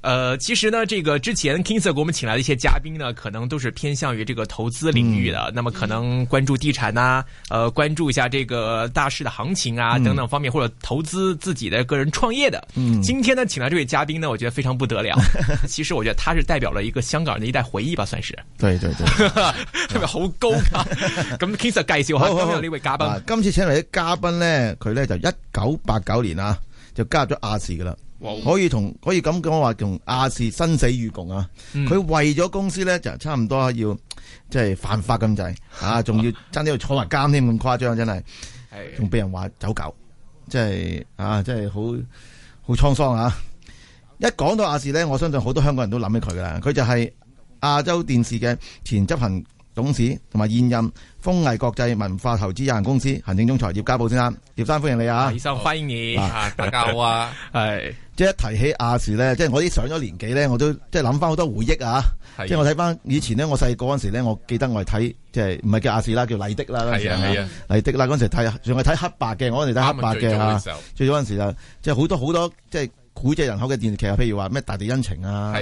呃，其實呢，這個之前 King Sir 給我們請來的一些嘉賓呢，可能都是偏向於這個投資領域的。嗯、那麼可能關注地產呐、啊，呃，關注一下這個大市的行情啊，嗯、等等方面或者投資自己的個人創業的。嗯、今天呢，請來這位嘉賓呢，我覺得非常不得了。 其實我覺得他是代表了一個香港人的一代回憶吧，算是。對對對。特 別好高、啊。咁 King Sir 介紹下呢位嘉賓。啊、今次請來的嘉賓呢，佢呢就一九八九年啊，就加入咗亞視㗎喇。Wow. 可以同可以咁講話同亞視生死與共啊！佢、嗯、為咗公司咧就差唔多要即係犯法咁滯 啊！仲要爭啲度坐埋監添咁誇張真係，仲俾 人話走狗，即係啊！即係好好滄桑啊！ 一講到亞視咧，我相信好多香港人都諗起佢噶啦。佢就係亞洲電視嘅前執行。董事同埋現任風藝國際文化投資有限公司行政總裁葉家寶先生，葉生歡迎你啊！李生大家好啊！係是，即係一提起亞視咧，即係我啲上咗年紀咧，我都即係諗翻好多回憶啊！的即係我睇翻以前咧，我細個嗰陣時咧，我記得我係睇即係唔係叫亞視啦，叫麗的啦嗰陣時係麗的啦，嗰陣時睇仲係睇黑白嘅，我嗰陣時睇黑白嘅啊！最早嗰陣時，時就係、即係好多好多即係。古仔人口嘅電視劇啊，譬如話咩大地恩情啊，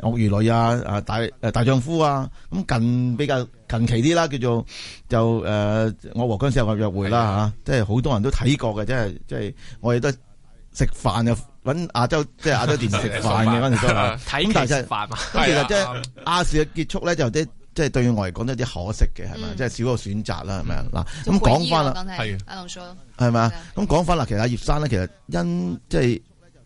鱷魚女啊，誒大誒大丈夫啊，咁近比較近期啲啦，叫做就誒我和僵屍有個約會啦吓，即係好多人都睇過嘅，即係即係我哋都食飯就揾亞洲即係亞洲電視食飯嘅嗰陣時都睇美食飯嘛。咁其實即係亞視嘅結束咧，就即即係對於我嚟講都有啲可惜嘅，係咪？即係少個選擇啦，係咪啊？嗱咁講翻啦，係啊，係咪啊？咁講翻啦，其實阿葉生咧，其實因即係。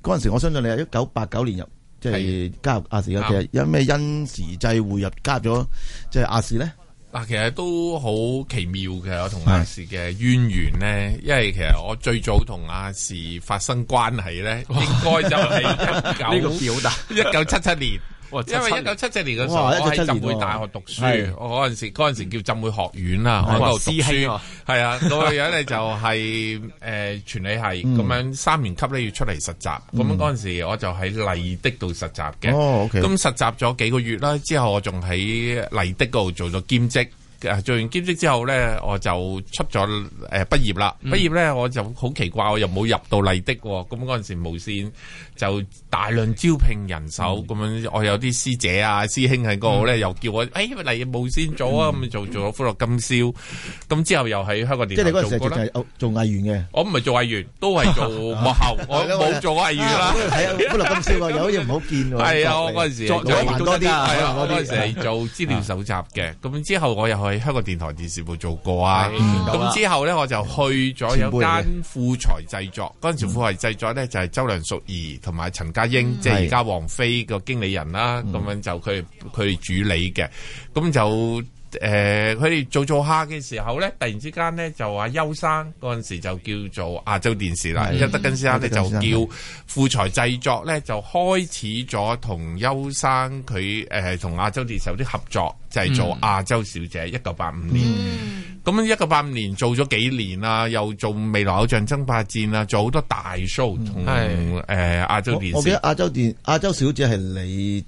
嗰陣時，我相信你係一九八九年入，即係加入亞視嘅。其實因咩因時際會入加入咗，即係亞視咧。嗱，其實都好奇妙嘅，我同亞視嘅淵源咧，因為其實我最早同亞視發生關係咧，應該就係一九呢個表達一九七七年。因為一九七七年嘅時候，我喺浸會大學讀書，我嗰陣時陣時叫浸會學院啦，喺度是讀書，係下啊，咁樣咧就係、是、誒，傳、呃、理係咁、嗯、樣三年級咧要出嚟實習，咁嗰陣時我就喺麗的度、哦 okay、實習嘅，咁實習咗幾個月啦，之後我仲喺麗的嗰度做咗兼職。做完兼職之後咧，我就出咗誒畢業啦。畢業咧，我就好奇怪，我又冇入到麗的喎。咁嗰陣時無線就大量招聘人手，咁樣我有啲師姐啊師兄喺嗰度咧，又叫我誒嚟無線做啊，咁做做咗《歡樂今宵》。咁之後又喺香港電視做咧。即係你嗰陣時就係做藝員嘅？我唔係做藝員，都係做幕後，我冇做過藝員啦。係啊，《歡樂今宵》啊，好似唔好見喎。係啊，我嗰陣時作業多啲啊。我嗰陣時做資料蒐集嘅，咁之後我又去。喺香港電台電視部做過啊，咁是、嗯、之後咧我就去咗有間富才製作，嗰陣時富才製作咧就係、是、周梁淑怡同埋陳家英，即係而家王菲個經理人啦，咁、嗯、樣就佢佢處理嘅，咁就。誒，佢哋、呃、做做下嘅時候咧，突然之間咧就話邱生嗰陣時就叫做亞洲電視啦，嗯、邱德根先生咧就叫富才製作咧就開始咗同邱生佢誒同亞洲電視有啲合作，就製、是、做亞洲小姐一九八五年。咁一九八五年做咗幾年啊？又做未來偶像爭霸戰啊，做好多大 show 同誒、嗯嗯呃、亞洲電視。我，我記得亞洲電亞洲小姐係你。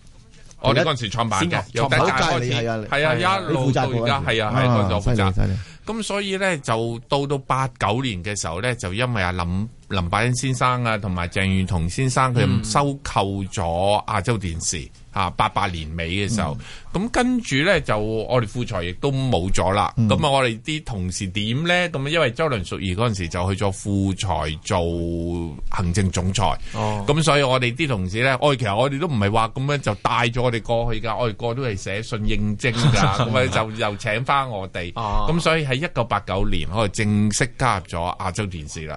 我哋嗰陣時創辦嘅，辦由第一開始，係啊一路到而家，係啊係我就負責。咁所以咧，就到到八九年嘅時候咧，就因為阿林，林百欣先生啊，同埋鄭裕彤先生佢收購咗亞洲電視，吓八八年尾嘅時候，咁、嗯、跟住咧就我哋富才亦都冇咗啦。咁啊、嗯，我哋啲同事點咧？咁啊，因為周梁淑怡嗰陣時就去咗富才做行政總裁，咁、哦、所以我哋啲同事咧，我其實我哋都唔係話咁樣就帶咗我哋過去噶，我哋個個都係寫信應徵噶，咁啊、嗯、就又請返我哋，咁、哦、所以喺一九八九年我哋正式加入咗亞洲電視啦。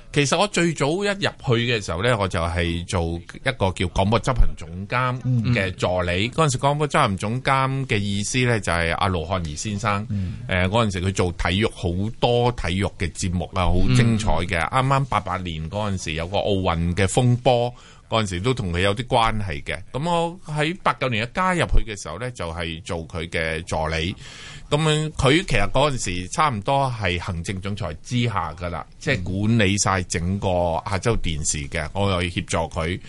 其實我最早一入去嘅時候呢，我就係做一個叫廣播執行總監嘅助理。嗰陣、嗯、時廣播執行總監嘅意思呢，就係阿羅漢儀先生。誒、嗯，嗰陣、呃、時佢做體育好多體育嘅節目啦，好精彩嘅。啱啱八八年嗰陣時有個奧運嘅風波。嗰陣時都同佢有啲關係嘅，咁我喺八九年一加入佢嘅時候呢，就係做佢嘅助理。咁佢其實嗰陣時差唔多係行政總裁之下噶啦，即係管理晒整個亞洲電視嘅，我又要協助佢。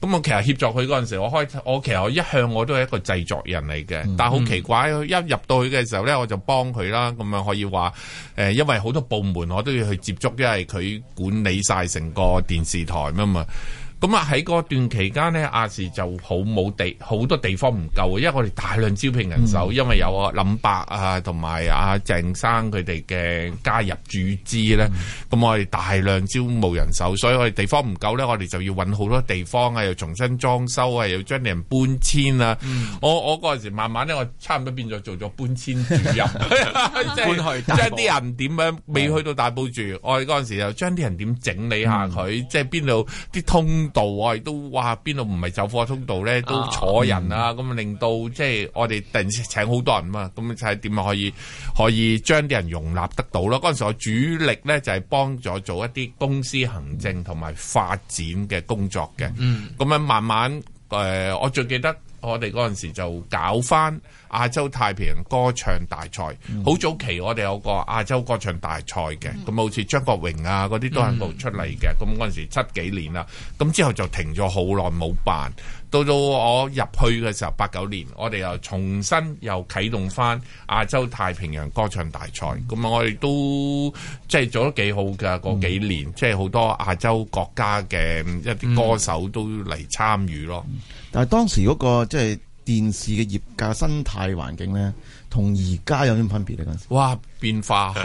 咁我其實協助佢嗰陣時，我開我其實我一向我都係一個製作人嚟嘅，但係好奇怪，一入到去嘅時候呢，我就幫佢啦。咁樣可以話誒，因為好多部門我都要去接觸，因為佢管理晒成個電視台吖嘛。咁啊喺嗰段期間咧，亞視就好冇地，好多地方唔夠啊，因為我哋大量招聘人手，因為有啊林伯啊同埋阿鄭生佢哋嘅加入注資咧，咁、嗯嗯、我哋大量招募人手，所以我哋地方唔夠咧，我哋就要揾好多地方啊，又重新裝修啊，又將啲人搬遷啊。我我嗰陣時慢慢咧，我差唔多變咗做咗搬遷主任，搬去大埔，即係啲人點樣未去到大埔住，我哋嗰陣時又將啲人點整理下佢，即係邊度啲通。記得 Convention 度我亦都哇，邊度唔係走火通道咧？都坐人啊，咁、嗯、啊、嗯、令到即係我哋突然間請好多人嘛，咁就係點點可以可以將啲人容納得到咯？嗰陣時我主力咧就係、是、幫咗做一啲公司行政同埋發展嘅工作嘅，嗯，咁樣慢慢誒、呃、我最記得。我哋嗰陣時就搞翻亞洲太平洋歌唱大賽，好、嗯、早期我哋有個亞洲歌唱大賽嘅，咁好似張國榮啊嗰啲都喺度出嚟嘅，咁嗰陣時七幾年啦，咁之後就停咗好耐冇辦，到到我入去嘅時候八九年，我哋又重新又啟動翻亞洲太平洋歌唱大賽，咁、嗯、我哋都即係做得幾好㗎，嗰、那個、幾年、嗯、即係好多亞洲國家嘅一啲歌手都嚟參與咯。嗯嗯。但係當時嗰、那個即係、就是、電視嘅業界生態環境咧，同而家有咩分別咧嗰陣時？哇！變化好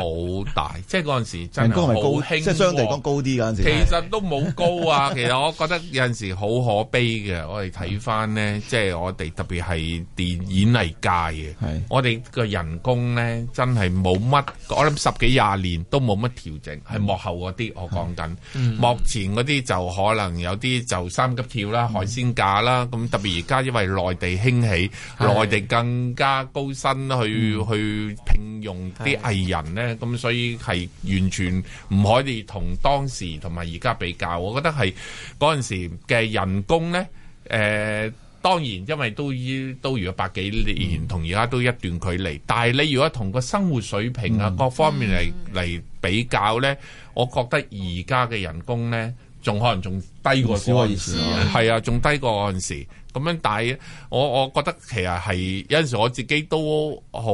大，即係嗰陣時真係好興，即係相對講高啲嗰陣時。其實都冇高啊，其實我覺得有陣時好可悲嘅。我哋睇翻呢，即係我哋特別係電演藝界嘅，我哋個人工呢，真係冇乜。我諗十幾廿年都冇乜調整，係幕後嗰啲我講緊，幕前嗰啲就可能有啲就三級跳啦、海鮮價啦。咁特別而家因為內地興起，內地更加高薪去去聘用啲。係人呢，咁所以係完全唔可以同當時同埋而家比較。我覺得係嗰陣時嘅人工呢，誒、呃、當然因為都依如果百幾年同而家都一段距離，但係你如果同個生活水平啊各方面嚟嚟比較呢，我覺得而家嘅人工呢，仲可能仲低過嗰陣時，係啊，仲低過嗰陣時。咁樣，但係我我覺得其實係有陣時我自己都好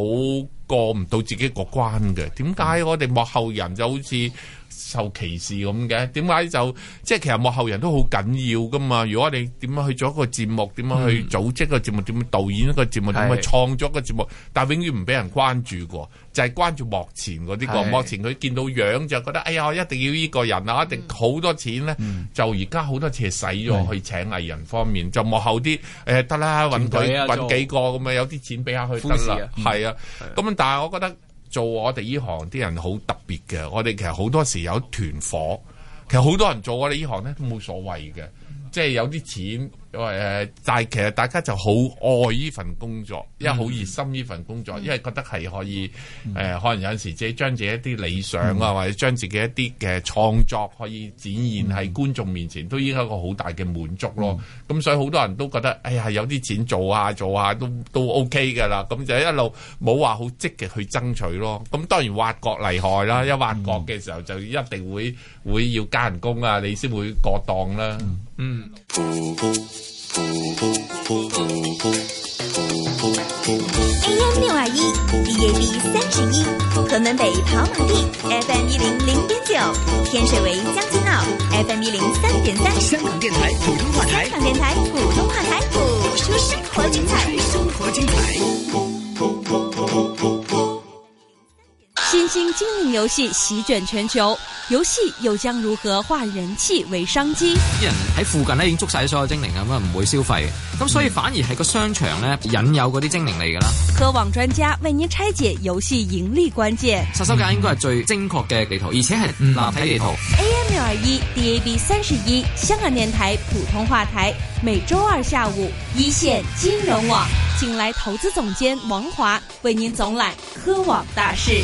過唔到自己個關嘅。點解我哋幕後人就好似受歧視咁嘅，點解就即係其實幕後人都好緊要㗎嘛？如果你點樣去做一個節目，點樣去組織個節目，點樣導演一個節目，點樣、嗯、創作個節目，但永遠唔俾人關注過，就係、是、關注幕前嗰啲個、嗯、幕前佢見到樣就覺得，哎呀，我一定要依個人啊，一定好、嗯、多錢咧。嗯、就而家好多錢使咗去請藝人方面，就幕後啲誒得啦，揾佢揾幾個咁啊，有啲錢俾下佢得啦。係啊，咁、嗯、但係我覺得。做我哋呢行啲人好特別嘅，我哋其實好多時有團火，其實好多人做我哋呢行咧都冇所謂嘅，即係有啲錢。因為誒，但係其實大家就好愛呢份工作，因為好熱心呢份工作，因為覺得係可以誒、嗯呃，可能有陣時自己將自己一啲理想啊，嗯、或者將自己一啲嘅、呃、創作可以展現喺觀眾面前，嗯、都已經係一個好大嘅滿足咯。咁、嗯、所以好多人都覺得，哎呀，有啲錢做下做下都都 O K 㗎啦。咁就一路冇話好積極去爭取咯。咁當然挖角厲害啦，嗯、一挖角嘅時候就一定會會要加人工啊，你先會過檔啦。嗯。嗯 AM 六二一，DAB 三十一，屯門北跑馬地，FM 一零零點九，9, 天水圍將軍澳，FM 一零三點三，香港電台普通話台，香港電台普通話台，播出生活精彩，生活精彩。新興精靈遊戲席捲全球，遊戲又將如何化人氣為商機？啲人喺附近咧已經捉晒所有精靈咁啊唔會消費，咁所以反而係個商場咧引誘啲精靈嚟噶啦。科網專家為您拆解遊戲盈利關鍵。殺手鐧應該係最精確嘅地圖，而且係立體地圖。嗯，立體地圖。AM 六二一，DAB 三十一，香港電台普通話台，每周二下午，一線金融網，金融網請來投資總監王華為您總覽科網大事。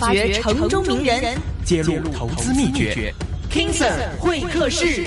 發掘城中名人，揭露投資秘訣。King Sir 會客室。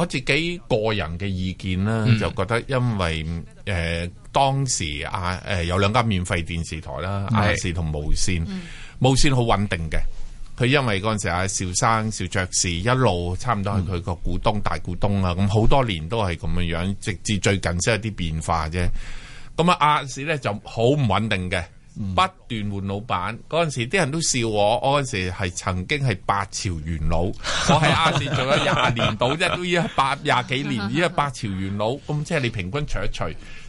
我自己個人嘅意見啦，嗯、就覺得因為誒、呃、當時啊誒、呃、有兩間免費電視台啦，亞視同無線，嗯、無線好穩定嘅。佢因為嗰陣時啊，邵生、邵爵士一路差唔多係佢個股東、大股東啦，咁好、嗯、多年都係咁嘅樣，直至最近先有啲變化啫。咁啊呢，亞視咧就好唔穩定嘅。嗯、不斷換老闆嗰陣時，啲人都笑我。我嗰陣時係曾經係八朝元老， 我喺亞視做咗廿年到，即係都已經係八廿幾年，已經係八朝元老。咁即係你平均除一除，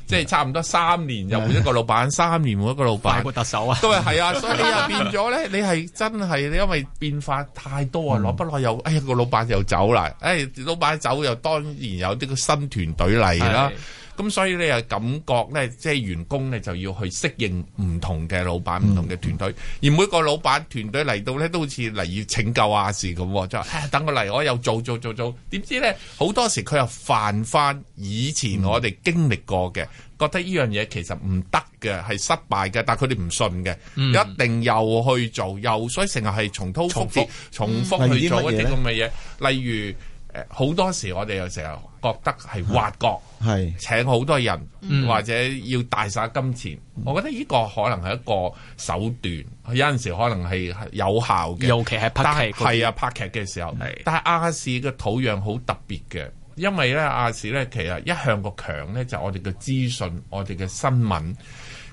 即係差唔多三年又換一個老闆， 三年換一個老闆。特首啊， 都係係啊，所以你又變咗咧。你係真係，你因為變化太多啊，攞不落又，哎呀個老闆又走啦。哎，老闆走又當然有啲個新團隊嚟啦。咁、 嗯嗯、所以你又感覺咧、呃，即係員工咧就要去適應唔同嘅老闆、唔同嘅團隊，而每個老闆團隊嚟到咧都好似嚟要拯救亞視咁，就誒、是、等我嚟，我又做做做做，點知咧好多時佢又犯翻以前我哋經歷過嘅，覺得呢樣嘢其實唔得嘅，係失敗嘅，但係佢哋唔信嘅，一定又去做，又所以成日係重蹈覆轍，重複去做一啲咁嘅嘢，例如。好多時我哋有時候覺得係挖角，係請好多人、嗯、或者要大灑金錢，嗯、我覺得呢個可能係一個手段，有陣時可能係有效嘅。尤其係拍劇，係啊拍劇嘅時候。是但係亞視嘅土壤好特別嘅，因為咧亞視咧其實一向個強咧就我哋嘅資訊，我哋嘅新聞。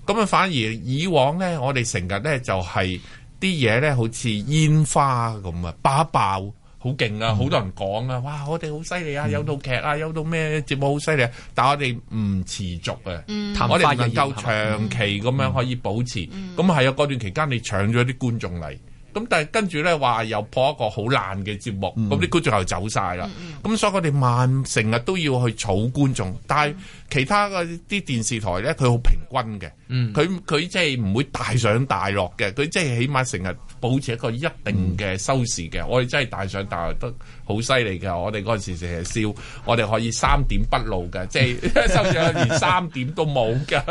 咁啊反而以往咧，我哋成日咧就係啲嘢咧好似煙花咁啊，爆，爆。好勁啊！好、嗯、多人講啊！哇！我哋好犀利啊！嗯、有套劇啊，有套咩節目好犀利，啊，但係我哋唔持續啊，嗯、我哋唔夠長期咁樣可以保持，咁係、嗯嗯、啊過段期間你搶咗啲觀眾嚟。咁但係跟住咧，話又破一個好爛嘅節目，咁啲觀眾又走晒啦。咁所以我哋慢成日都要去儲觀眾。但係其他嘅啲電視台咧，佢好平均嘅，佢佢即係唔會大上大落嘅。佢即係起碼成日保持一個一定嘅收視嘅。我哋真係大上大落得好犀利嘅。我哋嗰陣時成日笑，我哋可以三點不露嘅，即係收視連三點都冇嘅。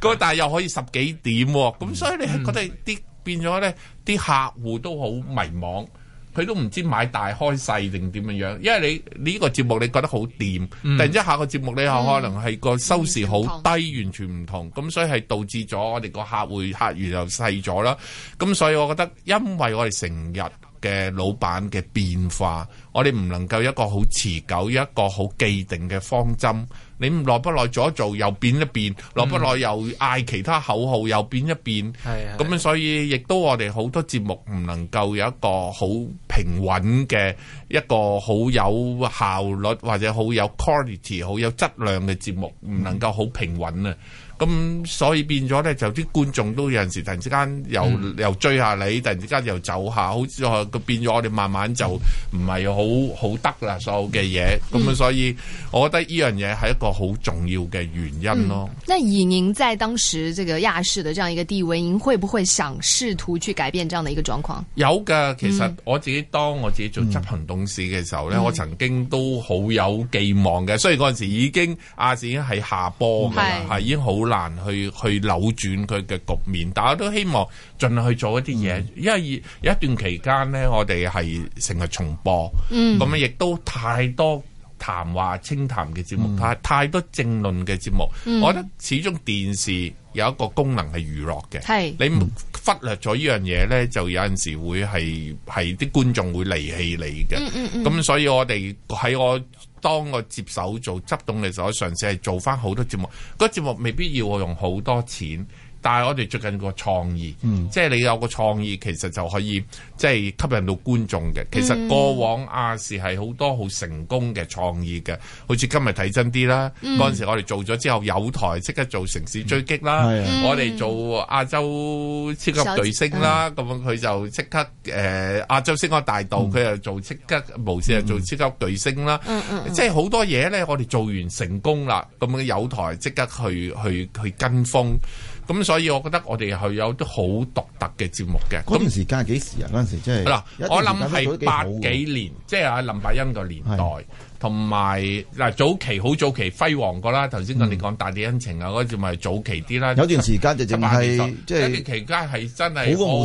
咁但係又可以十幾點。咁所以你係覺得啲？變咗呢啲客戶都好迷茫，佢都唔知買大開細定點樣，因為你呢個節目你覺得好掂，嗯、突然之下個節目你又可能係個收視好低，嗯嗯、完全唔同，咁、嗯、所以係導致咗我哋個客戶客源又細咗啦。咁所以我覺得，因為我哋成日。嘅老闆嘅變化，我哋唔能夠一個好持久、一個好既定嘅方針。你唔耐不耐左做一做又變一變，耐、嗯、不耐又嗌其他口號又變一變，咁樣、嗯、所以亦都我哋好多節目唔能夠有一個好平穩嘅一個好有效率或者好有 quality 好有質量嘅節目，唔能夠好平穩啊。咁所以變咗咧，就啲觀眾都有陣時突然之間又、嗯、又追下你，突然之間又走下，好似變咗我哋慢慢就唔係好好得啦，所有嘅嘢。咁啊，嗯、所以我覺得呢樣嘢係一個好重要嘅原因咯、嗯。那以您在當時這個亞視的這樣一個地位，您會不會想試圖去改變這樣的一個狀況？有㗎，其實我自己當我自己做執行董事嘅時候咧，嗯嗯、我曾經都好有寄望嘅。雖然嗰陣時已經亞視已經係下坡㗎，係已經好。的難去去扭轉佢嘅局面，大家都希望盡量去做一啲嘢，嗯、因為有一段期間咧，我哋係成日重播，嗯，咁樣亦都太多。談話清談嘅節目，太、嗯、太多政論嘅節目，嗯、我覺得始終電視有一個功能係娛樂嘅。係、你忽略咗呢樣嘢咧，嗯、就有陣時會係係啲觀眾會離棄你嘅。咁、嗯嗯嗯、所以我哋喺我當我接手做執董嘅時候，我嘗試係做翻好多節目。嗰、嗰個、節目未必要我用好多錢。但係我哋最近個創意，嗯、即係你有個創意，其實就可以即係吸引到觀眾嘅。其實過往亞視係好多好成功嘅創意嘅，好似今日睇真啲啦。嗰陣、嗯、時我哋做咗之後，有台即刻做城市追擊啦，嗯、我哋做亞洲超級巨星啦，咁樣佢就即刻誒、呃、亞洲星光大道，佢又、嗯、做即刻無線又做超級巨星啦。嗯嗯嗯嗯、即係好多嘢咧，我哋做完成功啦，咁樣有台即刻去去去，去，去跟風。咁所以，我覺得我哋係有啲好獨特嘅節目嘅。嗰段時間係幾時啊？嗰陣時真係嗱，我諗係八幾年，即係啊林百欣個年代，同埋嗱早期好早期輝煌過啦。頭先我哋講大地恩情啊，嗰時咪早期啲啦。有段時間就淨係、即係、一段期間係真係好，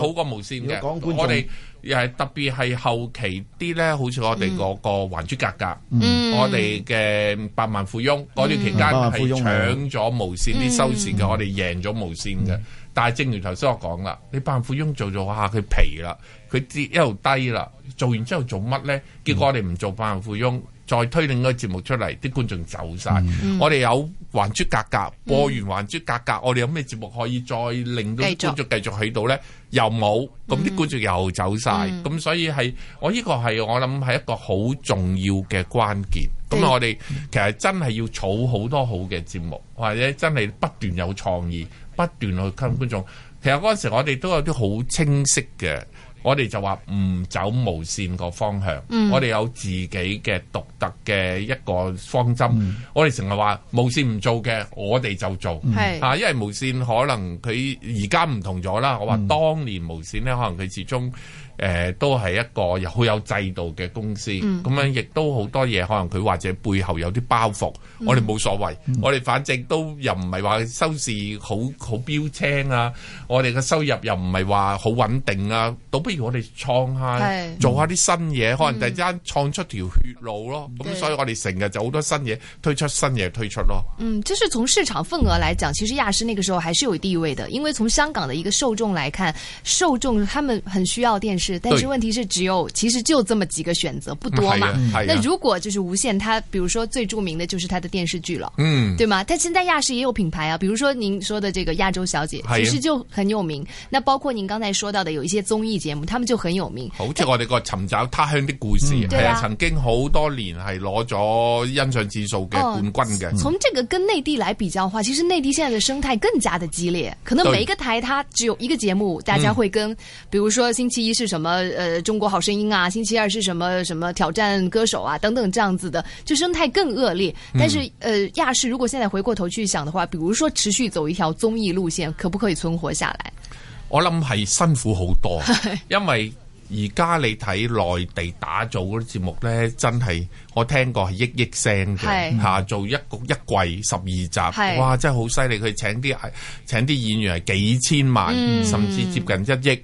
好過無線㗎，好過無線嘅。我哋。又係特別係後期啲咧，好似我哋嗰個還珠格格，嗯、我哋嘅百萬富翁嗰段、嗯、期間係搶咗無綫啲、嗯、收視嘅，我哋贏咗無綫嘅。嗯、但係正如頭先我講啦，你百萬富翁做做下，佢皮啦，佢跌一路低啦，做完之後做乜咧？結果我哋唔做百萬富翁。再推另一個節目出嚟，啲觀眾走晒。嗯、我哋有《還珠格格》，播完《還珠格格》嗯，我哋有咩節目可以再令到觀眾繼續喺度呢？又冇，咁啲、嗯、觀眾又走晒。咁、嗯、所以係，我呢個係我諗係一個好重要嘅關鍵。咁、嗯、我哋其實真係要儲好多好嘅節目，或者真係不斷有創意，不斷去吸引觀眾。嗯、其實嗰陣時我哋都有啲好清晰嘅。我哋就話唔走無線個方向，嗯、我哋有自己嘅獨特嘅一個方針、嗯。我哋成日話無線唔做嘅，我哋就做吓，嗯、因為無線可能佢而家唔同咗啦。我話當年無線呢，可能佢始終。誒都係一個好有制度嘅公司，咁、嗯、樣亦都好多嘢可能佢或者背後有啲包袱，嗯、我哋冇所謂，嗯、我哋反正都又唔係話收視好好標青啊，我哋嘅收入又唔係話好穩定啊，倒不如我哋創下是做下啲新嘢，嗯、可能突然間創出條血路咯。咁、嗯、所以我哋成日就好多新嘢推出，新嘢推出咯。嗯，即、就是從市場份額嚟講，其實亞視那個時候還是有地位的，因為從香港的一個受眾來看，受眾他們很需要電視。但是問題是，只有其實就這麼幾個選擇，不多嘛。啊啊、那如果就是無線，它比如說最著名的就是它的電視劇了，嗯，對嗎？它現在亞視也有品牌啊，比如說您說的這個亞洲小姐，其實就很有名。啊、那包括您剛才說到的有一些綜藝節目，他們就很有名。好似我哋個尋找他鄉的故事，係、嗯、啊，啊，曾經好多年係攞咗欣賞指數嘅冠軍嘅、哦。從這個跟內地來比較的話，其實內地現在的生態更加的激烈，可能每一個台它只有一個節目，大家會跟，嗯、比如說星期一是。什麼，誒、呃，中國好聲音啊，星期二是什麼，什麼挑戰歌手啊，等等，這樣子的，就生態更惡劣。但是，誒、呃，亞視如果現在回過頭去想的話，比如說持續走一條綜藝路線，可不可以存活下來？我諗係辛苦好多， 因為而家你睇內地打造嗰啲節目呢，真係我聽過係億億聲嘅吓，做 一局一季十二集， 哇，真係好犀利！佢請啲請啲演員係幾千萬， 甚至接近一億。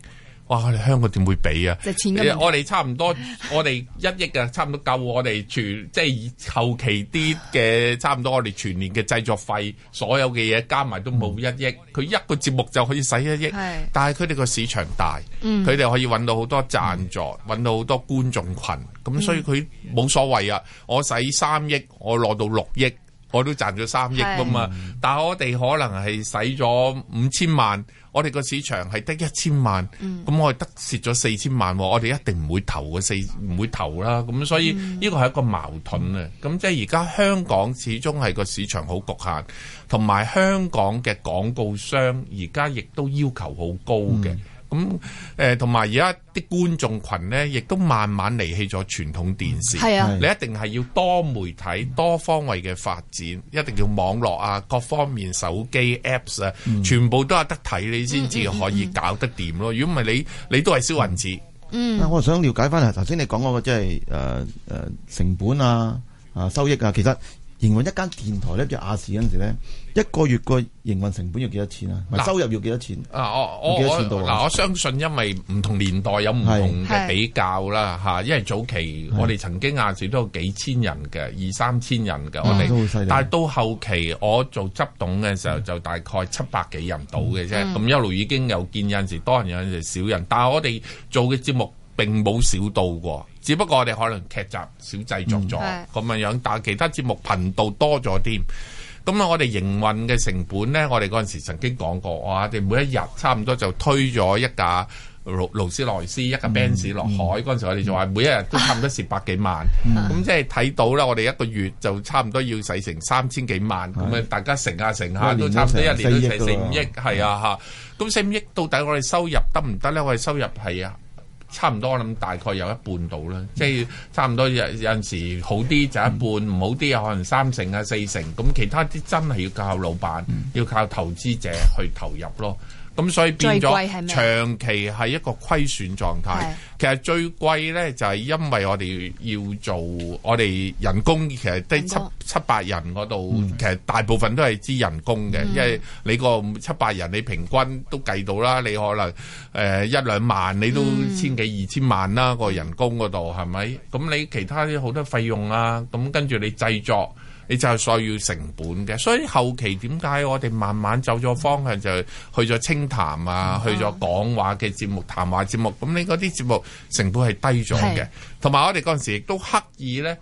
哇！我哋香港點會俾啊、呃？我哋差唔多，我哋一億啊，差唔多夠我哋全即係後期啲嘅，差唔多我哋全年嘅製作費，所有嘅嘢加埋都冇一億。佢、嗯、一個節目就可以使一億，是但係佢哋個市場大，佢哋可以揾到好多讚助，揾、嗯、到好多觀眾群，咁、嗯、所以佢冇所謂啊！我使三億，我攞到六億。我都賺咗三億㗎嘛，是但係我哋可能係使咗五千萬，我哋個市場係得一千萬，咁、嗯、我哋得蝕咗四千萬，我哋一定唔會投，四唔會投啦，咁所以呢個係一個矛盾啊，咁即係而家香港始終係個市場好局限，同埋香港嘅廣告商而家亦都要求好高嘅。嗯咁，誒、嗯，同埋而家啲觀眾群呢，亦都慢慢離棄咗傳統電視。係啊，你一定係要多媒體、嗯、多方位嘅發展，一定要網絡啊，各方面手機 apps 啊，嗯、全部都有得睇，你先至可以搞得掂咯。如果唔係，你你都係燒銀紙。嗯、啊，我想了解翻啊，頭先你講嗰個即係誒誒成本啊，啊收益啊，其實。營運一間電台咧，即係亞視嗰陣時咧，一個月個營運成本要幾多錢啊？啦收入要幾多錢？啊，我我、啊、我，嗱、啊，我相信因為唔同年代有唔同嘅比較啦，吓是，因為早期我哋曾經亞視都有幾千人嘅，是二三千人嘅，我哋、啊，但係到後期我做執董嘅時候就大概七百幾人到嘅啫，咁、嗯嗯、一路已經有見有陣時多人有陣時少人，但係我哋做嘅節目，並冇少到過，只不過我哋可能劇集少製作咗咁樣樣，但係其他節目頻道多咗添。咁啊，我哋營運嘅成本咧，我哋嗰陣時曾經講過，哇，我哋每一日差唔多就推咗一架勞斯萊斯，一架 Benz 落海嗰陣、嗯嗯、時，我哋就話每一日都差唔多蝕百幾萬。咁、啊嗯嗯、即係睇到啦，我哋一個月就差唔多要使成三千幾萬咁啊，嗯、樣大家成下成下，都差唔多一年都使四五億係啊嚇。咁四五億到底我哋收入得唔得咧？我哋收入係啊。差唔多，我諗大概有一半到啦，即係差唔多有，有陣時好啲就一半，嗯、唔好啲有可能三成啊、四成，咁其他啲真係要靠老闆，嗯、要靠投資者去投入咯。咁、嗯、所以變咗長期係一個虧損狀態。的其實最貴呢，就係、是、因為我哋要做我哋人工，其實低得七工七百人嗰度，嗯、其實大部分都係支人工嘅，嗯、因為你個七百人你平均都計到啦，你可能誒、呃、一兩萬，你都千幾二千萬啦個、嗯、人工嗰度係咪？咁你其他啲好多費用啦、啊。咁跟住你製作。你就係需要成本嘅，所以後期點解我哋慢慢走咗方向就去咗清談啊，去咗講話嘅節目、談話節目，咁你嗰啲節目成本係低咗嘅，同埋是我哋嗰陣時亦都刻意咧，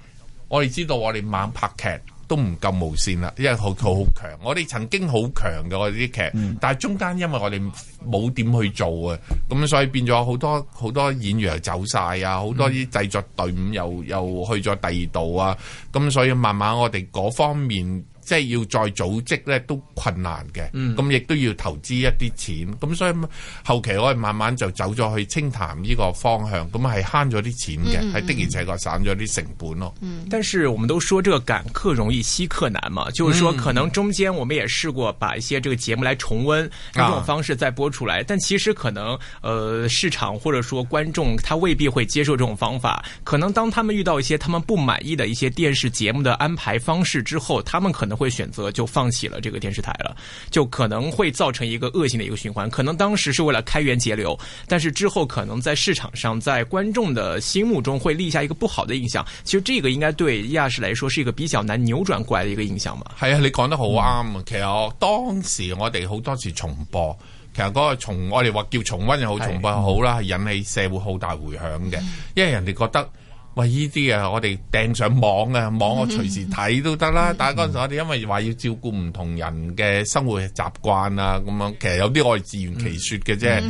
我哋知道我哋猛拍劇。都唔夠無線啦，因為好好好強。我哋曾經好強嘅我哋啲劇，嗯、但係中間因為我哋冇點去做啊，咁所以變咗好多好多演員又走晒啊，好多啲製作隊伍又又去咗第二度啊，咁所以慢慢我哋嗰方面。即係要再組織呢，都困難嘅，咁亦、嗯、都要投資一啲錢，咁、嗯、所以後期我哋慢慢就走咗去清談呢個方向，咁係慳咗啲錢嘅，係、嗯嗯、的而且確省咗啲成本咯。但是我們都說這個趕客容易吸客難嘛，就是說可能中間我們也試過把一些這個節目來重温，用、嗯、這種方式再播出來，啊、但其實可能，呃，市場或者說觀眾他未必會接受這種方法，可能當他們遇到一些他們不滿意的一些電視節目的安排方式之後，他們可能。會選擇就放棄了這個電視台了，就可能會造成一個惡性的一個循環。可能當時是為了開源節流，但是之後可能在市場上、在觀眾的心目中會立下一個不好的印象。其實這個應該對亞視來說是一個比較難扭轉過來的一個印象嘛。係啊，你講得好啱啊。其實當時我哋好多次重播，其實嗰個重，我哋話叫重温又好，重播又好啦，係引起社會好大回響嘅，因為人哋覺得。喂，依啲啊，我哋掟上網啊，網我隨時睇都得啦。嗯、哼但係嗰陣時我哋因為話要照顧唔同人嘅生活習慣啊，咁樣其實有啲、嗯、哼我哋自圓其説嘅啫。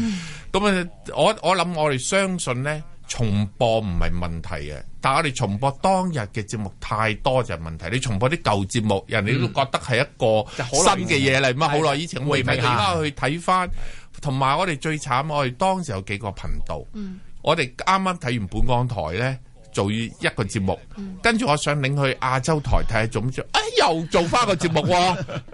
咁啊，我我諗我哋相信咧，重播唔係問題嘅，但係我哋重播當日嘅節目太多就係問題。你重播啲舊節目，人哋都覺得係一個新嘅嘢嚟，咁啊好耐以前，嗯、哼以前會唔會而家下去睇翻？同埋我哋最慘，我哋當時有幾個頻道，嗯、我哋啱啱睇完本港台咧。做一個節目，跟住我想領去亞洲台睇下做乜嘢，哎，又做翻個節目，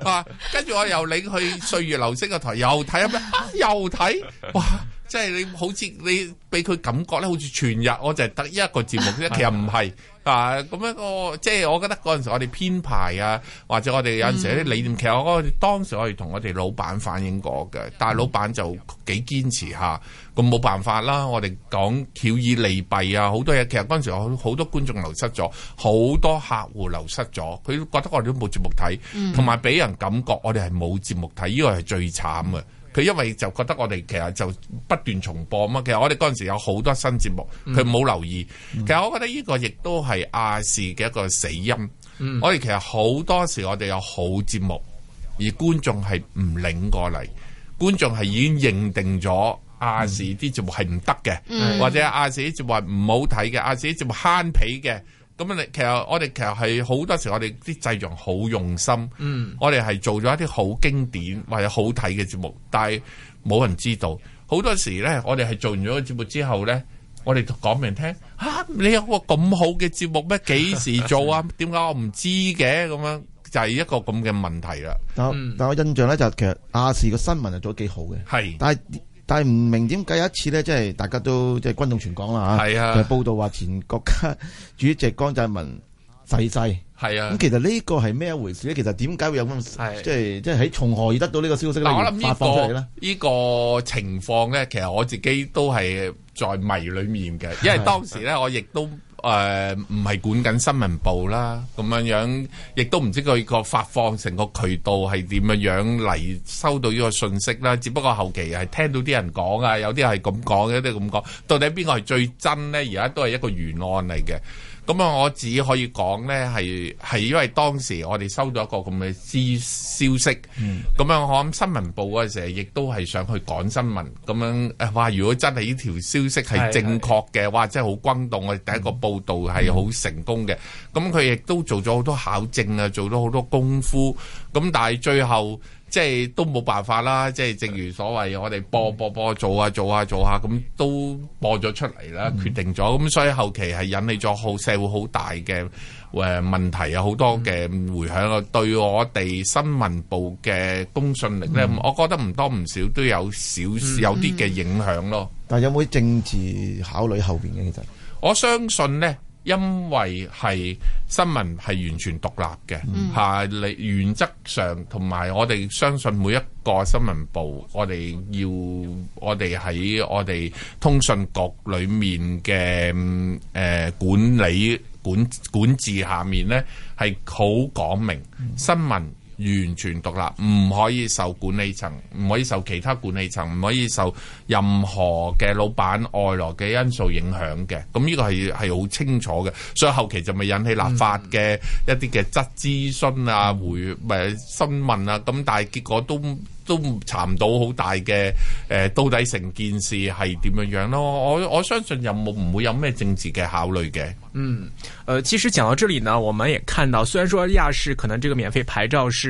啊，跟住我又領去《歲月流星》個台又睇下咩，又睇、啊，哇！即係你好似你俾佢感覺咧，好似全日我就係得一個節目啫，其實唔係，啊，咁樣我即係我覺得嗰陣時我哋編排啊，或者我哋有陣時啲理念，嗯、其實我當時我係同我哋老闆反映過嘅，但係老闆就幾堅持下。冇冇辦法啦！我哋講巧以利弊啊，好多嘢。其實嗰陣時，好多觀眾流失咗，好多客戶流失咗。佢覺得我哋都冇節目睇，同埋俾人感覺我哋係冇節目睇。呢個係最慘嘅。佢因為就覺得我哋其實就不斷重播嘛。其實我哋嗰陣時有好多新節目，佢冇留意。嗯嗯、其實我覺得呢個亦都係亞視嘅一個死因。嗯、我哋其實好多時，我哋有好節目，而觀眾係唔領過嚟，觀眾係已經認定咗。亞視啲節目係唔得嘅，嗯、或者亞視啲節目係唔好睇嘅，亞視啲節目慳皮嘅，咁啊，其實我哋其實係好多時我哋啲製作好用心，嗯、我哋係做咗一啲好經典或者好睇嘅節目，但係冇人知道。好多時咧，我哋係做完咗個節目之後咧，我哋講畀人聽，吓、啊、你有個咁好嘅節目咩？幾時做啊？點解 我唔知嘅？咁樣就係一個咁嘅問題啦。但我，嗯、但我印象咧就係其實亞視嘅新聞係做得幾好嘅，係是，但係。但係唔明點解有一次咧，即係大家都即係軍中全港啦嚇，啊、就報道話前國家主席江澤民逝世，世。係啊，咁其實呢個係咩一回事咧？其實點解會有咁是，即係即係喺從何而得到呢個消息咧？我諗這個、發放出嚟咧，呢個情況咧，其實我自己都係在迷裡面嘅，因為當時咧、啊、我亦都。誒，唔係管緊新聞部啦，咁樣樣亦都唔知佢個發放成個渠道係點樣樣嚟收到呢個信息啦。只不過後期係聽到啲人講啊，有啲係咁講，有啲咁講，到底邊個係最真呢？而家都係一個懸案嚟嘅。咁啊，我自己可以講咧，係係因為當時我哋收到一個咁嘅知消息。咁啊、嗯，我諗新聞部嗰陣時亦都係想去講新聞，咁樣誒話，如果真係呢條消息係正確嘅話，哇，真係好轟動，我哋第一個報導係好成功嘅，咁佢亦都做咗好多考證啊，做咗好多功夫。咁但係最後。即係都冇辦法啦，即係正如所謂我哋播播播做啊做啊做下、啊，咁都播咗出嚟啦，決定咗，咁、嗯、所以後期係引起咗好社會好大嘅誒問題啊，好多嘅回響啊，嗯、對我哋新聞部嘅公信力咧，嗯、我覺得唔多唔少都有少有啲嘅影響咯。嗯嗯嗯、但係有冇政治考慮後邊嘅其實？我相信咧。因為係新聞係完全獨立嘅嚇，你、嗯啊、原則上同埋我哋相信每一個新聞部，我哋要我哋喺我哋通訊局裡面嘅誒、呃、管理管管治下面咧，係好講明、嗯、新聞。完全獨立，唔可以受管理層，唔可以受其他管理層，唔可以受任何嘅老闆外來嘅因素影響嘅。咁、這、呢個係係好清楚嘅，所以後期就咪引起立法嘅一啲嘅質諮詢、嗯、啊、會誒詢問啊。咁、呃、但係結果都都查唔到好大嘅誒、呃，到底成件事係點樣樣咯？我我相信又冇唔會有咩政治嘅考慮嘅。嗯，誒、呃，其實講到這裡呢，我們也看到，雖然說亞視可能這個免費牌照是，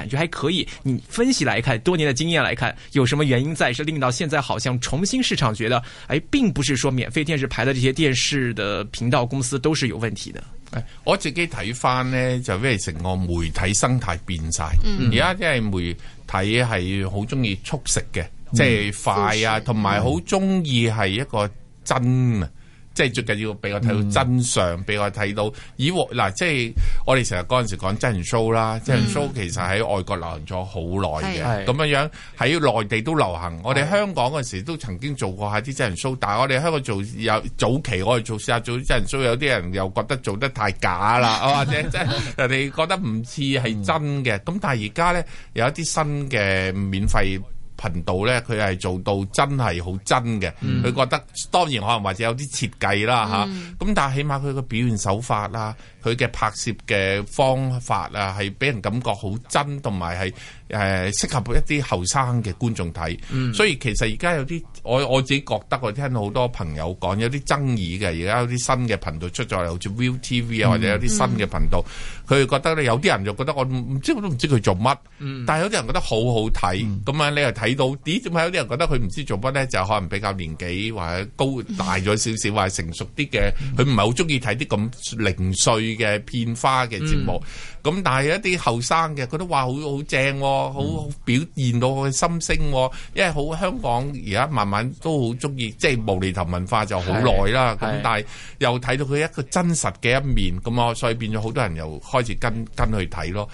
感覺還可以，你分析來看，多年的經驗來看，有什麼原因在，是令到現在好像重新市場覺得，哎，並不是說免費電視排的這些電視的頻道公司都是有問題的。我自己睇翻呢，就因為成個媒體生態變晒，而家即係媒體係好中意速食嘅，即係快啊，同埋好中意係一個真啊。即係最緊要俾我睇到真相，俾、嗯、我睇到以我嗱，即係我哋成日嗰陣時講真人 show 啦、嗯，真人 show 其實喺外國流行咗好耐嘅，咁是樣樣喺內地都流行。是我哋香港嗰陣時都曾經做過下啲真人 show，但係我哋香港做有早期我哋做試下做啲真人 show，有啲人又覺得做得太假啦，或者、 啊、即係人哋覺得唔似係真嘅。咁、嗯、但係而家咧有一啲新嘅免費頻道咧，佢係做到真係好真嘅。佢、嗯、覺得當然可能或者有啲設計啦吓咁、嗯啊、但係起碼佢嘅表現手法啦，佢嘅拍攝嘅方法啊，係俾人感覺好真，同埋係。誒適合一啲後生嘅觀眾睇，嗯、所以其實而家有啲我我自己覺得，我聽到好多朋友講有啲爭議嘅。而家有啲新嘅頻道出咗嚟，好似 ViuTV 啊，或者有啲新嘅頻道，佢、嗯嗯、覺得咧，有啲人就覺得我唔知我都唔知佢做乜，嗯、但係有啲人覺得好好睇，咁啊、嗯、你又睇到咦，點解有啲人覺得佢唔知做乜咧？就是、可能比較年紀或者高大咗少少，或者成熟啲嘅，佢唔係好中意睇啲咁零碎嘅片花嘅節目。咁、嗯嗯嗯、但係一啲後生嘅覺得哇，好好正喎！我好表現到佢嘅心聲，因為好香港而家慢慢都好中意，即係無厘頭文化就好耐啦。咁的但係又睇到佢一個真實嘅一面咁啊，所以變咗好多人又開始跟的跟去睇咯。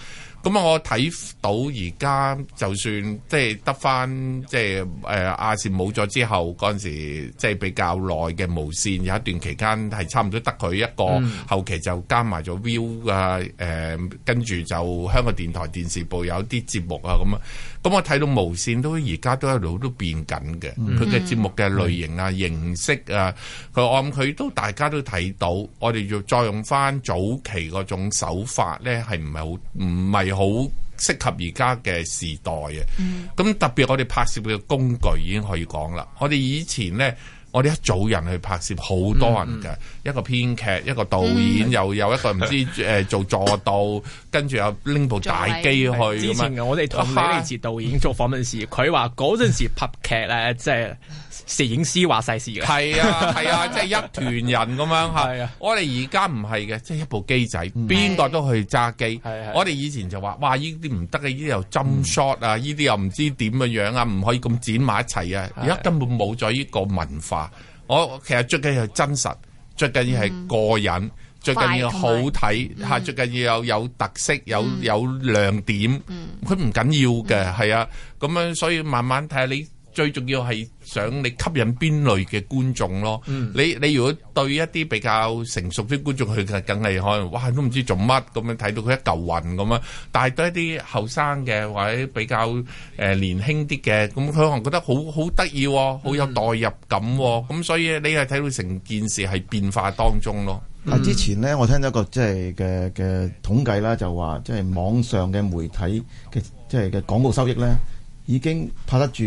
咁啊！我睇到而家就算即係得翻，即係誒亞視冇咗之後嗰陣時，即係比較耐嘅無線有一段期間係差唔多得佢一個，後期就加埋咗 View 啊，誒跟住就香港電台電視部有啲節目啊咁啊。咁我睇到無線都而家都一路都變緊嘅，佢嘅節目嘅類型啊、形式啊，佢按佢都大家都睇到，我哋要再用翻早期嗰種手法咧，係唔係好唔係？好適合而家嘅時代嘅，咁、嗯、特別我哋拍攝嘅工具已經可以講啦。我哋以前咧，我哋一組人去拍攝好多人嘅、嗯、一個編劇，一個導演，嗯、又有一個唔知誒 做助導，跟住又拎部大機去。禮樣之前我哋同李連杰導演做訪問事、啊、時，佢話嗰陣時拍劇咧，即、就、係、是。攝影師話曬事嘅，係啊係啊，即係一團人咁樣啊，我哋而家唔係嘅，即係一部機仔，邊個都去揸機。我哋以前就話，哇！呢啲唔得嘅，呢啲又 jump shot 啊，呢啲又唔知點嘅樣啊，唔可以咁剪埋一齊啊。而家根本冇咗呢個文化。我其實最緊要真實，最緊要係過癮，最緊要好睇嚇，最緊要有有特色，有有亮點。佢唔緊要嘅，係啊。咁樣所以慢慢睇下你。最重要係想你吸引邊類嘅觀眾咯。嗯、你你如果對一啲比較成熟啲觀眾，去，其實更厲害，哇，都唔知做乜咁樣睇到佢一嚿雲咁啊。但係對一啲後生嘅或者比較誒、呃、年輕啲嘅，咁佢可能覺得好好得意、哦，好有代入感咁、哦，嗯、所以你係睇到成件事係變化當中咯、嗯啊。之前呢，我聽咗一個即係嘅嘅統計啦，就話即係網上嘅媒體嘅即係嘅廣告收益咧已經拍得住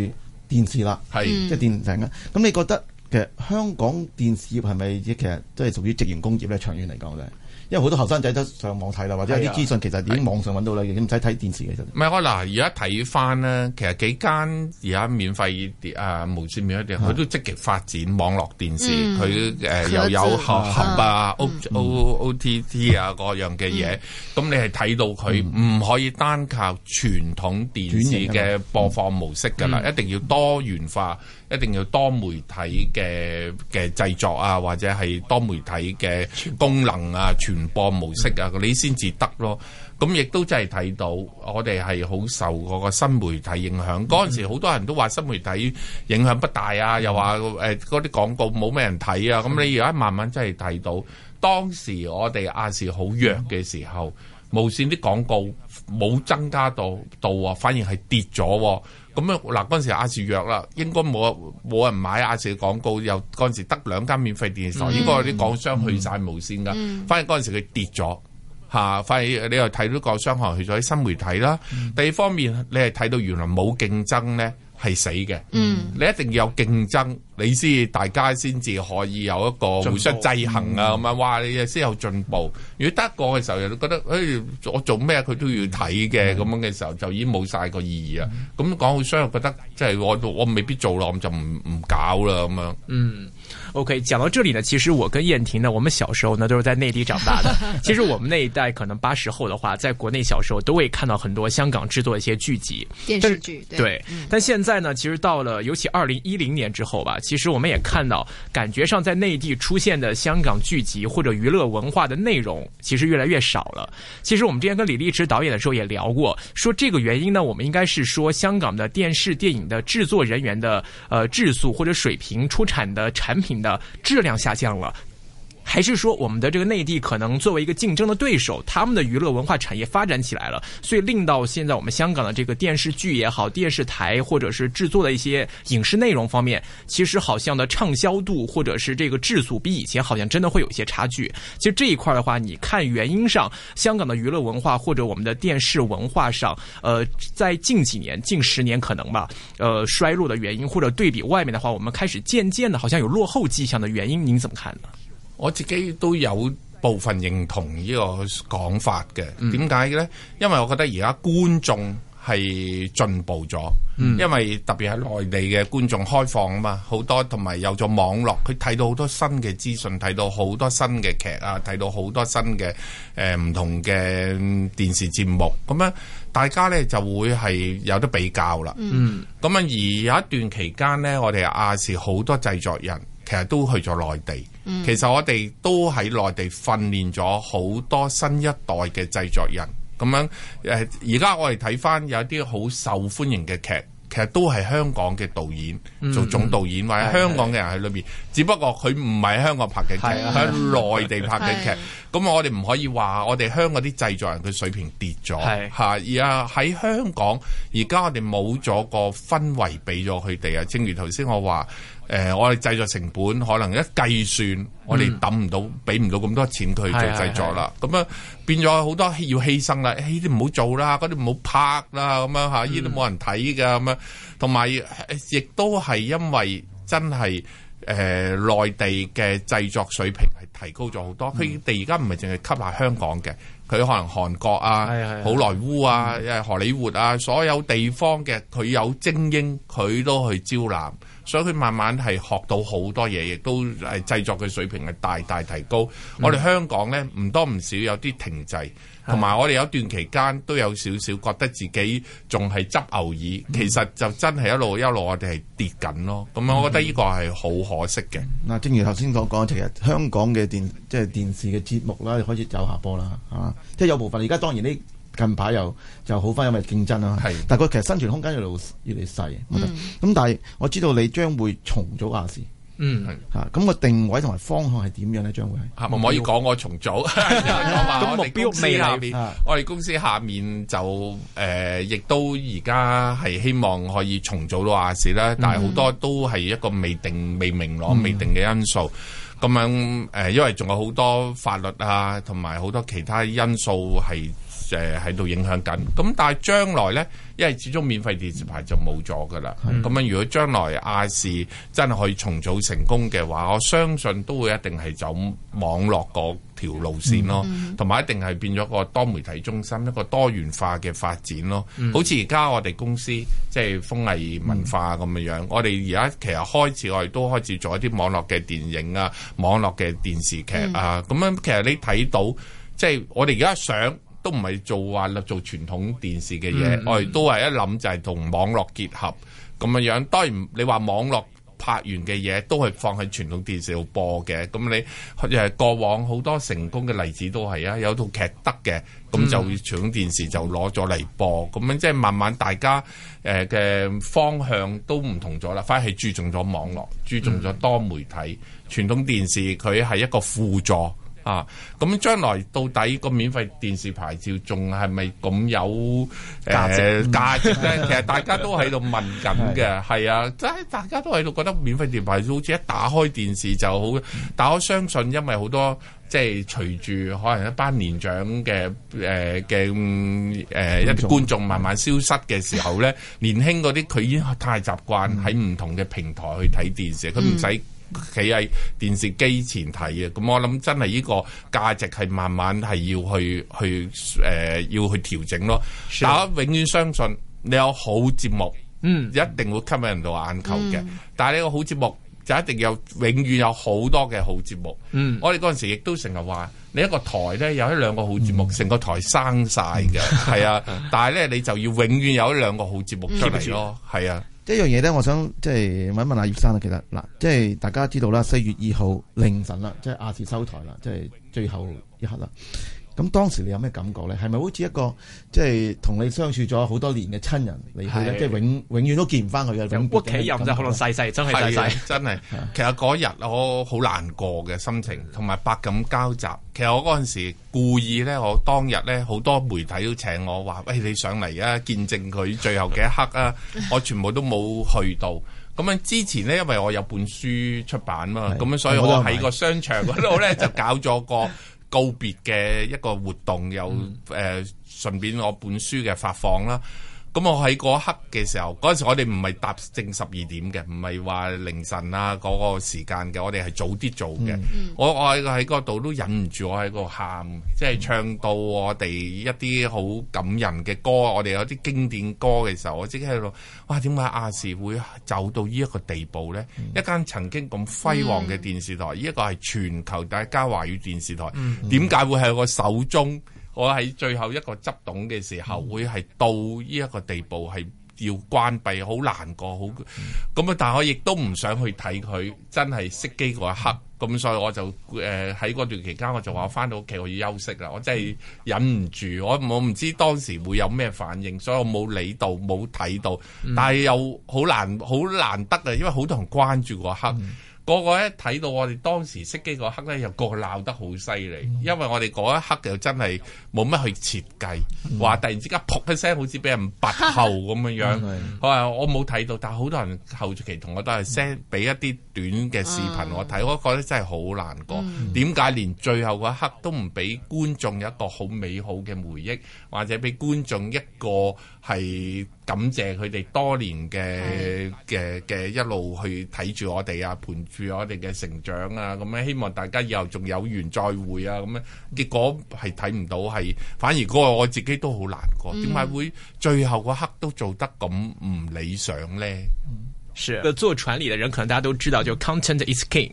電視啦，係是即係電視啦。咁你覺得其實香港電視業係咪亦其實都係屬於直營工業咧？長遠嚟講咧？因為好多後生仔都上網睇啦，或者有啲資訊其實喺網上揾到啦，已經唔使睇電視。其實唔係我嗱，而家睇翻咧，其實幾間而家免費電啊無線免費佢都積極發展網絡電視，佢誒、嗯呃、又有盒含啊，啊，啊，啊、嗯、O O T T 啊、嗯、各樣嘅嘢。咁、嗯嗯、你係睇到佢唔可以單靠傳統電視嘅播放模式㗎啦、嗯嗯嗯嗯嗯嗯，一定要多元化。一定要多媒體嘅嘅製作啊，或者係多媒體嘅功能啊、傳播模式啊，你先至得咯。咁亦都真係睇到，我哋係好受嗰個新媒體影響。嗰陣、嗯、時好多人都話新媒體影響不大啊，嗯、又話誒嗰啲廣告冇咩人睇啊。咁、嗯、你而家慢慢真係睇到，當時我哋亞視好弱嘅時候，無線啲廣告冇增加到度，反而係跌咗。咁啊嗱，嗰陣時亞視弱啦，應該冇冇人買亞視廣告。又嗰陣時得兩間免費電視台，應該啲廣告商去晒無線㗎。嗯，反而嗰陣時佢跌咗嚇，啊，反而你又睇到廣告商去咗啲新媒體啦。第二方面，你係睇到原來冇競爭咧。係死嘅，嗯、你一定要有競爭，你先大家先至可以有一個互相制衡啊咁啊、嗯，哇！你先有進步。如果得過嘅時候，又覺得，哎、欸，我做咩佢都要睇嘅咁樣嘅時候，就已經冇晒個意義啊。咁講互相覺得，即係我我未必做咯，就唔唔搞啦咁樣。嗯。O、okay, K，講到這裏呢，其實我跟燕婷呢，我們小時候呢都是在內地長大的。其實我們那一代可能八十後的話，在國內小時候都會看到很多香港製作的一些劇集、電視劇。是對，嗯、但現在呢，其實到了尤其二零一零年之後吧，其實我們也看到，感覺上在內地出現的香港劇集或者娛樂文化的內容，其實越來越少了。其實我們之前跟李立池導演的時候也聊過，說這個原因呢，我們應該是說香港的電視電影的製作人員的，呃，質素或者水平出產的產品。品的質量下降了。還是說我們的這個內地可能作為一個競爭的對手，他們的娛樂文化產業發展起來了，所以令到現在我們香港的這個電視劇也好，電視台或者是製作的一些影視內容方面，其實好像的暢銷度或者是這個質素比以前好像真的會有一些差距。其實這一塊的話，你看原因上，香港的娛樂文化或者我們的電視文化上，呃，在近幾年近十年可能吧，呃，衰落的原因或者對比外面的話，我們開始漸漸的好像有落後跡象的原因，您怎麼看呢？我自己都有部分認同個呢個講法嘅，點解嘅咧？因為我覺得而家觀眾係進步咗，因為特別係內地嘅觀眾開放啊嘛，好多同埋有咗網絡，佢睇到好多新嘅資訊，睇到好多新嘅劇啊，睇到好多新嘅誒唔同嘅電視節目，咁樣大家咧就會係有得比較啦。咁啊、嗯，而有一段期間咧，我哋亞視好多製作人其實都去咗內地。嗯、其實我哋都喺內地訓練咗好多新一代嘅製作人，咁樣誒，而家我哋睇翻有啲好受歡迎嘅劇，其實都係香港嘅導演、嗯、做總導演，或者香港嘅人喺裏面。是是只不過佢唔係香港拍嘅劇，係內、啊、地拍嘅劇。咁、啊、是我哋唔可以話我哋香港啲製作人嘅水平跌咗，吓是而啊喺香港而家我哋冇咗個氛圍俾咗佢哋啊。正如頭先我話。誒、呃，我哋製作成本可能一計算，嗯、我哋揼唔到，俾唔到咁多錢佢去做製作啦。咁、嗯、樣變咗好多要犧牲啦，呢啲唔好做啦，嗰啲唔好拍啦，咁樣嚇，依啲冇人睇㗎，咁樣。同埋亦都係因為真係誒、呃、內地嘅製作水平係提高咗好多，佢哋而家唔係淨係吸納香港嘅，佢可能韓國啊、好、嗯、萊塢啊、嗯、荷里活啊，所有地方嘅佢有精英，佢都去招攬。所以佢慢慢係學到好多嘢，亦都誒製作嘅水平係大大提高。嗯、我哋香港呢，唔多唔少有啲停滯，同埋我哋有段期間都有少少覺得自己仲係執牛耳，嗯、其實就真係一路一路我哋係跌緊咯。咁啊，我覺得呢個係好可惜嘅。嗱、嗯嗯，正如頭先所講，其實香港嘅電即係、即係、電視嘅節目啦，開始走下坡啦，係，即係有部分而家當然呢。近排又又好翻，因為競爭啦。係的，但係佢其實生存空間越嚟越嚟細。咁、嗯、但係我知道你將會重組亞視。嗯。吓、咁、個定位同埋方向係點樣咧？將會係。可唔、啊、可以講我重組？咁目標未立。邊、嗯，我哋公、嗯、公司下面就誒、亦、呃、都而家係希望可以重組到亞視啦。但係好多都係一個未定、未明朗、未定嘅因素。咁、嗯嗯、樣誒、呃，因為仲有好多法律啊，同埋好多其他因素係。就誒喺度影響緊咁，但係將來呢，因為始終免費電視牌就冇咗噶啦。咁樣、嗯、如果將來亞視真係可以重組成功嘅話，我相信都會一定係走網絡嗰條路線咯，同埋、嗯、一定係變咗個多媒體中心一個多元化嘅發展咯。嗯、好似而家我哋公司即係、就是、風藝文化咁嘅樣，嗯、我哋而家其實開始我哋都開始做一啲網絡嘅電影啊，網絡嘅電視劇、嗯、啊。咁樣其實你睇到即係、就是、我哋而家想。都唔係做話啦做傳統電視嘅嘢，嗯、我哋都係一諗就係同網絡結合咁嘅樣。當然你話網絡拍完嘅嘢都係放喺傳統電視度播嘅。咁你誒過往好多成功嘅例子都係啊，有套劇得嘅，咁就傳統電視就攞咗嚟播。咁、嗯、樣即係慢慢大家誒嘅、呃、方向都唔同咗啦，反而係注重咗網絡，注重咗多媒體。嗯、傳統電視佢係一個輔助。啊！咁、嗯、將來到底個免費電視牌照仲係咪咁有誒價、呃、值咧？值 其實大家都喺度問緊嘅，係啊， 即係大家都喺度覺得免費電視牌照好似一打開電視就好。但我相信，因為好多即係隨住可能一班年長嘅誒嘅誒一啲觀眾慢慢消失嘅時候咧， 年輕嗰啲佢已經太習慣喺唔同嘅平台去睇電視，佢唔使。企喺電視機前睇嘅，咁我諗真係呢個價值係慢慢係要去去誒、呃、要去調整咯。Sure. 但我永遠相信你有好節目，嗯，mm. 一定會吸引人到眼球嘅。Mm. 但係你個好節目就一定有，永遠有好多嘅好節目。嗯，mm. 我哋嗰陣時亦都成日話，你一個台咧有一兩個好節目，成、mm. 個台生晒嘅，係 啊。但係咧，你就要永遠有一兩個好節目出嚟咯，係、嗯、啊。一樣嘢咧，我想即係問一問阿、啊、葉生啦。其實嗱，即係大家知道啦，四月二號凌晨啦，即係亞視收台啦，即係最後一刻啦。咁當時你有咩感覺咧？係咪好似一個即係同你相處咗好多年嘅親人離去嘅的？即係永永遠都見唔翻佢嘅。有屋企人真係可能細細，真係細細，真係。其實嗰日我好難過嘅心情，同埋百感交集。其實我嗰陣時故意咧，我當日咧好多媒體都請我話：喂、哎，你上嚟啊，見證佢最後嘅一刻啊！ 我全部都冇去到。咁樣之前咧，因為我有本書出版嘛，咁樣的所以我喺個商場嗰度咧就搞咗個。 告別嘅一個活動，有誒呃、順便攞本書嘅發放啦。咁我喺嗰刻嘅時候，嗰陣時我哋唔係搭正十二點嘅，唔係話凌晨啊嗰、嗰個時間嘅，我哋係早啲做嘅、嗯嗯。我我喺嗰度都忍唔住我，我喺度喊，即係唱到我哋一啲好感人嘅歌，我哋有啲經典歌嘅時候，我即刻喺度，哇點解亞視會走到呢一個地步咧？嗯、一間曾經咁輝煌嘅電視台，呢一個係全球第一家華語電視台，點解、嗯嗯、會係我手中？我喺最後一個執董嘅時候，會係到呢一個地步，係要關閉，好難過，好咁啊！但係我亦都唔想去睇佢真係熄機嗰一刻，咁所以我就誒喺嗰段期間，我就話返到屋企我要休息啦，我真係忍唔住，我我唔知當時會有咩反應，所以我冇理到，冇睇到，但係又好難好難得啊！因為好多人關注嗰一刻。個個一睇到我哋當時熄機嗰刻咧，又個個鬧得好犀利，因為我哋嗰一刻又真係冇乜去設計，話、嗯、突然之間卟一聲，好似俾人拔喉咁樣樣。 嗯、我話我冇睇到，但係好多人後期同我都係 send 俾一啲短嘅視頻我睇，嗯、我覺得真係好難過。點解、嗯、連最後嗰刻都唔俾觀眾有一個好美好嘅回憶，或者俾觀眾一個係？感謝佢哋多年嘅嘅嘅一路去睇住我哋啊，陪住我哋嘅成長啊，咁樣希望大家以後仲有緣再會啊，咁樣結果係睇唔到，係反而嗰個我自己都好難過，點解會最後嗰刻都做得咁唔理想咧？嗯，係做傳理嘅人，可能大家都知道，就 content is king。